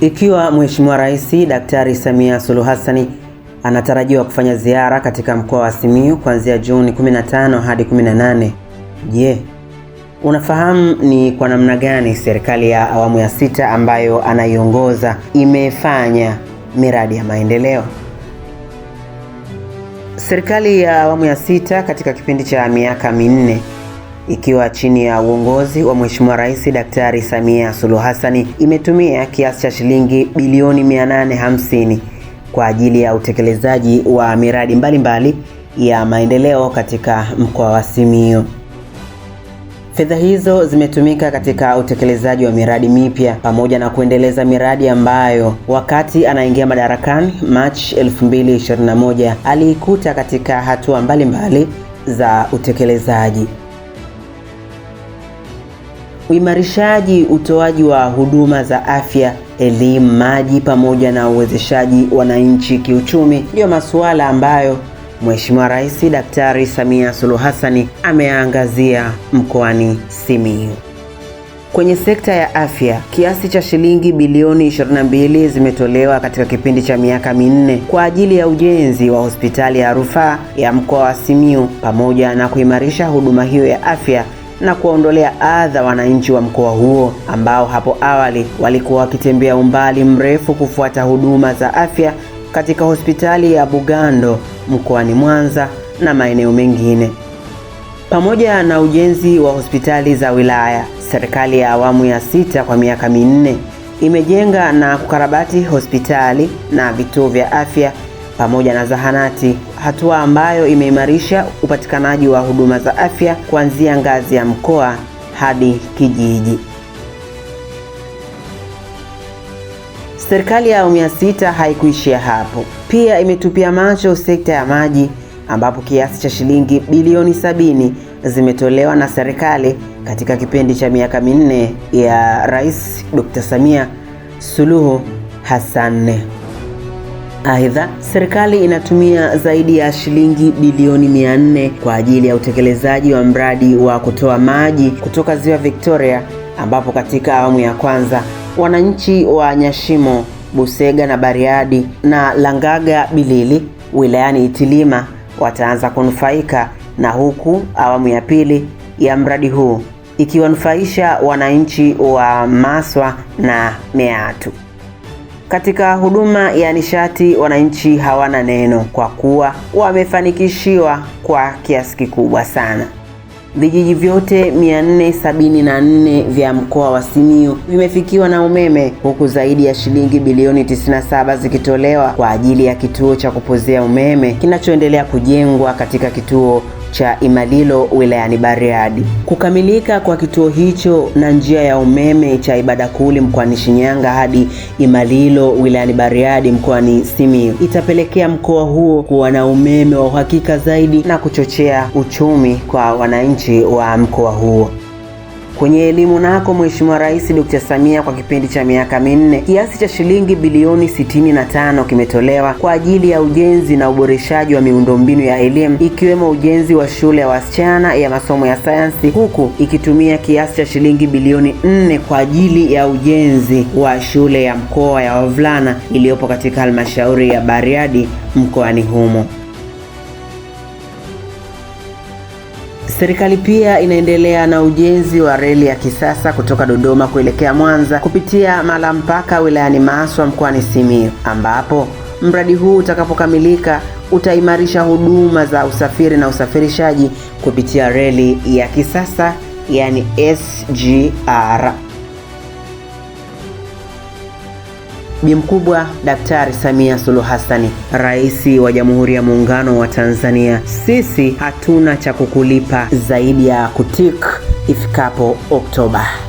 Ikiwa Mheshimiwa Rais Daktari Samia Suluhu Hassan anatarajiwa kufanya ziara katika mkoa wa Simiyu kuanzia Juni 15 hadi 18, je, unafahamu ni kwa namna gani serikali ya awamu ya sita ambayo anaiongoza imefanya miradi ya maendeleo? Serikali ya awamu ya sita katika kipindi cha miaka minne ikiwa chini ya uongozi wa Mheshimiwa Rais Daktari Samia Suluhu Hassan imetumia kiasi cha shilingi bilioni 850 kwa ajili ya utekelezaji wa miradi mbalimbali mbali ya maendeleo katika mkoa wa Simiyu. Fedha hizo zimetumika katika utekelezaji wa miradi mipya pamoja na kuendeleza miradi ambayo wakati anaingia madarakani Machi 2021 aliikuta katika hatua mbalimbali mbali za utekelezaji uimarishaji utoaji wa huduma za afya, elimu, maji pamoja na uwezeshaji wananchi kiuchumi ndiyo masuala ambayo Mheshimiwa Rais Daktari Samia Suluhu Hassan ameangazia mkoani Simiyu. Kwenye sekta ya afya, kiasi cha shilingi bilioni 22 zimetolewa katika kipindi cha miaka minne kwa ajili ya ujenzi wa hospitali ya rufaa ya mkoa wa Simiyu pamoja na kuimarisha huduma hiyo ya afya na kuwaondolea adha wananchi wa mkoa huo ambao hapo awali walikuwa wakitembea umbali mrefu kufuata huduma za afya katika hospitali ya Bugando mkoani Mwanza na maeneo mengine. Pamoja na ujenzi wa hospitali za wilaya, serikali ya awamu ya sita kwa miaka minne imejenga na kukarabati hospitali na vituo vya afya pamoja na zahanati, hatua ambayo imeimarisha upatikanaji wa huduma za afya kuanzia ngazi ya mkoa hadi kijiji. Serikali ya awamu ya sita haikuishia hapo, pia imetupia macho sekta ya maji ambapo kiasi cha shilingi bilioni sabini zimetolewa na serikali katika kipindi cha miaka minne ya Rais Dr. Samia Suluhu Hassan. Aidha, serikali inatumia zaidi ya shilingi bilioni mia nne kwa ajili ya utekelezaji wa mradi wa kutoa maji kutoka Ziwa Victoria ambapo katika awamu ya kwanza wananchi wa Nyashimo, Busega na Bariadi na Langaga Bilili wilayani Itilima wataanza kunufaika na huku awamu ya pili ya mradi huu ikiwanufaisha wananchi wa Maswa na Meatu. Katika huduma ya nishati, wananchi hawana neno kwa kuwa wamefanikishiwa kwa kiasi kikubwa sana. Vijiji vyote 474 vya mkoa wa Simiyu vimefikiwa na umeme huku zaidi ya shilingi bilioni 97 zikitolewa kwa ajili ya kituo cha kupozea umeme kinachoendelea kujengwa katika kituo cha Imalilo wilayani Bariadi. Kukamilika kwa kituo hicho na njia ya umeme cha Ibadakuli mkoani Shinyanga hadi Imalilo wilayani Bariadi mkoani Simiyu itapelekea mkoa huo kuwa na umeme wa uhakika zaidi na kuchochea uchumi kwa wananchi wa mkoa huo. Kwenye elimu nako, Mheshimiwa Rais Dr. Samia kwa kipindi cha miaka minne kiasi cha shilingi bilioni 65 kimetolewa kwa ajili ya ujenzi na uboreshaji wa miundombinu ya elimu ikiwemo ujenzi wa shule ya wasichana ya masomo ya sayansi, huku ikitumia kiasi cha shilingi bilioni 4 kwa ajili ya ujenzi wa shule ya mkoa ya wavulana iliyopo katika halmashauri ya Bariadi mkoani humo. Serikali pia inaendelea na ujenzi wa reli ya kisasa kutoka Dodoma kuelekea Mwanza kupitia Malampaka wilayani Maswa mkoani Simiyu ambapo mradi huu utakapokamilika utaimarisha huduma za usafiri na usafirishaji kupitia reli ya kisasa yani SGR. Bi mkubwa Daktari Samia Suluhu Hassan, Rais wa Jamhuri ya Muungano wa Tanzania, sisi hatuna cha kukulipa zaidi ya kutik ifikapo Oktoba.